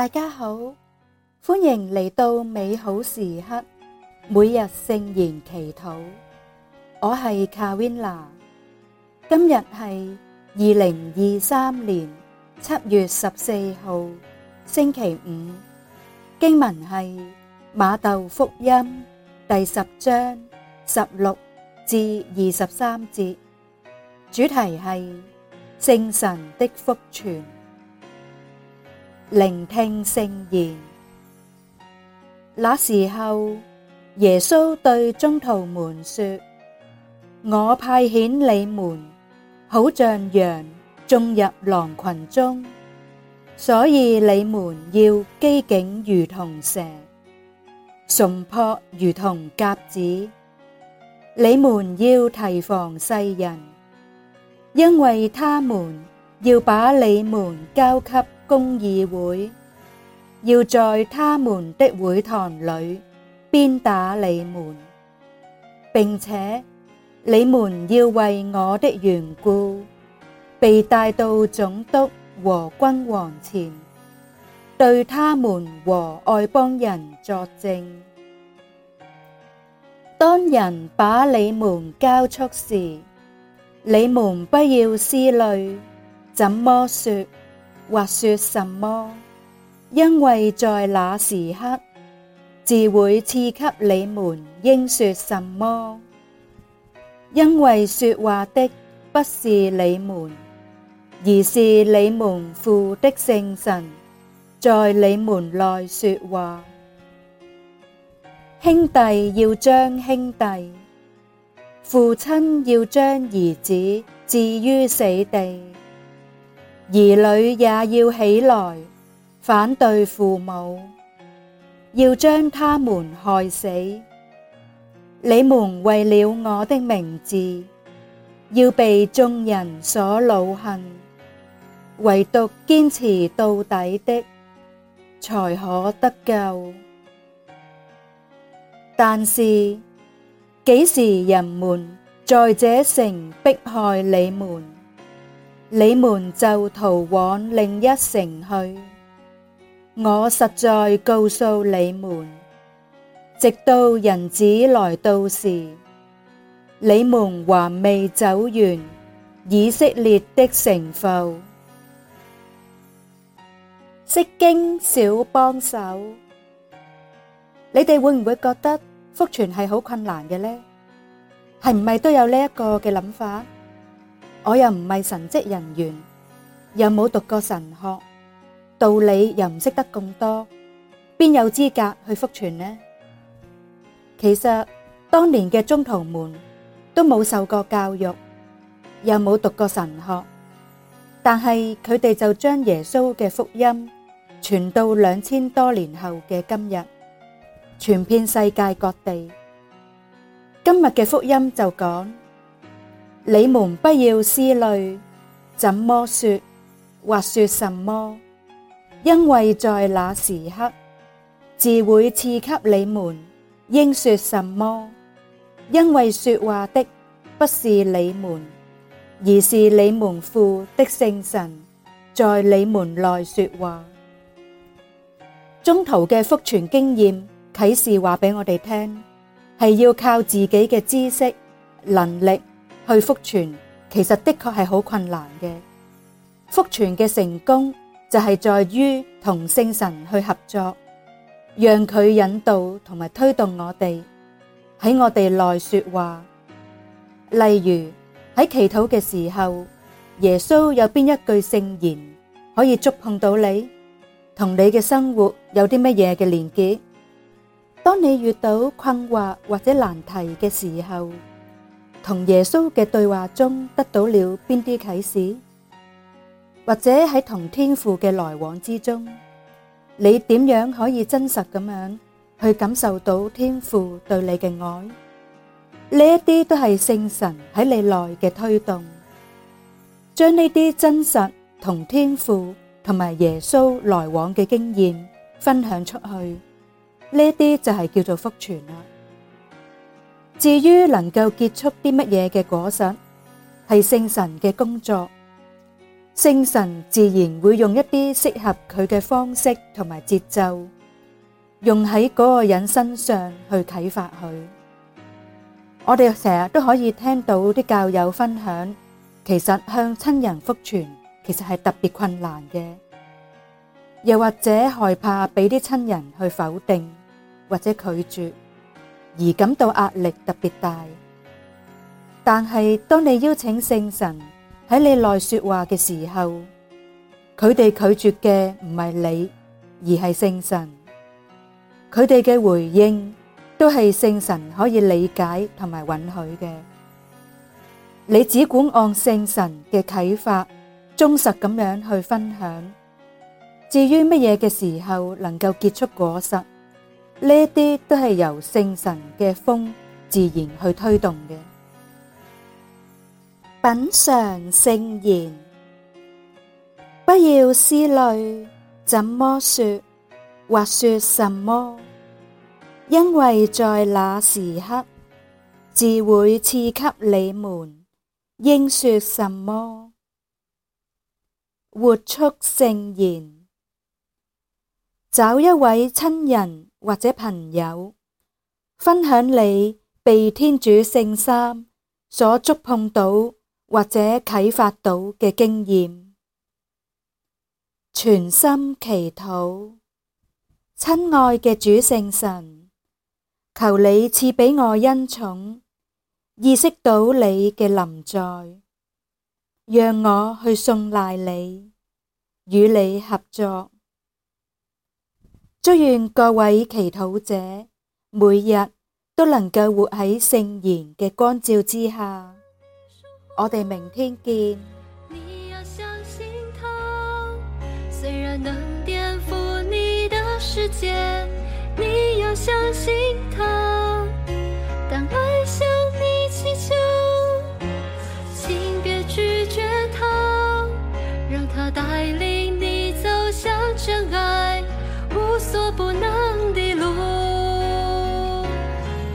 大家好，歡迎來到美好時刻，每日聖言祈禱。我係 Karina，今日係2023拉年7月14聆聽聖言。那時候，耶穌對宗徒們說：我派遣你們，好像羊進入狼群中，所以你們要機警如同蛇，純樸如同鴿子。你們要提防世人，因為他們要把你們交給公議會，要在他們的會堂裏鞭打你們，並且你們要為我的緣故，被帶到總督和君王前，對他們和外邦人作證。當人把你們交出時，你們不要思慮，怎麼說。或說什麼，因為在那時刻，自會賜給你們應說什麼。因為說話的不是你們，而是你們父的聖神在你們內說話。兄弟要將兄弟，父親要將兒子置於死地。兒女也要起來反對父母，要將他們害死。你們為了我的名字，要被眾人所惱恨，唯獨堅持到底的，才可得救。但是，幾時人們在這城迫害你們，你們就逃往另一城去，我實在告訴你們，直到人子來到時，你們還未走完以色列的城邑。釋經小幫手，你哋會唔會覺得福傳係好困難嘅呢？係唔係都有呢一個嘅諗法？我又唔係神職人員，又冇讀過神學，道理又唔識得咁多，邊有資格去福傳呢？其實當年嘅宗徒們都冇受過教育，又冇讀過神學，但係佢哋就將耶穌嘅福音傳到兩千多年後嘅今日，傳遍世界各地。今日嘅福音就講。你們不要思慮，怎麼說，或說什麼，因為在那時刻，自會賜給你們，應說什麼，因為說話的不是你們，而是你們父的聖神，在你們內說話。中途的福傳經驗，啟示話給我們聽，是要靠自己的知識、能力，去福傳其實的確係好困難嘅，福傳嘅成功就係在於同聖神去合作，讓佢引導同埋推動我哋喺我哋內說話。例如喺祈禱嘅時候，耶穌有邊一句聖言可以觸碰到你？同你嘅生活有啲乜嘢嘅連結？當你遇到困惑或者難題嘅時候。同耶穌嘅對話中得到了邊啲啟示，或者喺同天父嘅來往之中，你點樣可以真實咁樣去感受到天父對你嘅愛？呢一啲都係聖神喺你內嘅推動，將呢啲真實同天父同埋耶穌來往嘅經驗分享出去，呢一啲就係叫做福傳啦。至於能夠結出啲乜嘢嘅果實，係聖神嘅工作，聖神自然會用一啲適合佢嘅方式同埋節奏，用喺嗰個人身上去啟發佢。我哋成日都可以聽到啲教友分享，其實向親人福傳，其實係特別困難嘅，又或者害怕俾啲親人去否定或者拒絕，而感到壓力特別大，但係當你邀請聖神喺你內說話嘅時候，佢哋拒絕嘅唔係你，而係聖神。佢哋嘅回應都係聖神可以理解同埋允許嘅。你只管按聖神嘅啟發，忠實咁樣去分享。至於乜嘢嘅時候能夠結出果實？呢啲都係由聖神嘅風自然去推動嘅。品嘗聖言，不要思慮怎麼說或說什麼，因為在那時刻，自會賜給你們應說什麼，活出聖言。找一位親人。或者朋友分享你被天主聖三所觸碰到或者啟發到嘅經驗。全心祈禱，親愛嘅主聖神，求你賜俾我恩寵，意識到你嘅臨在，讓我去信賴你，與你合作。祝願各位祈禱者每日都能夠活喺聖言嘅光照之下。我哋明天見。你要相信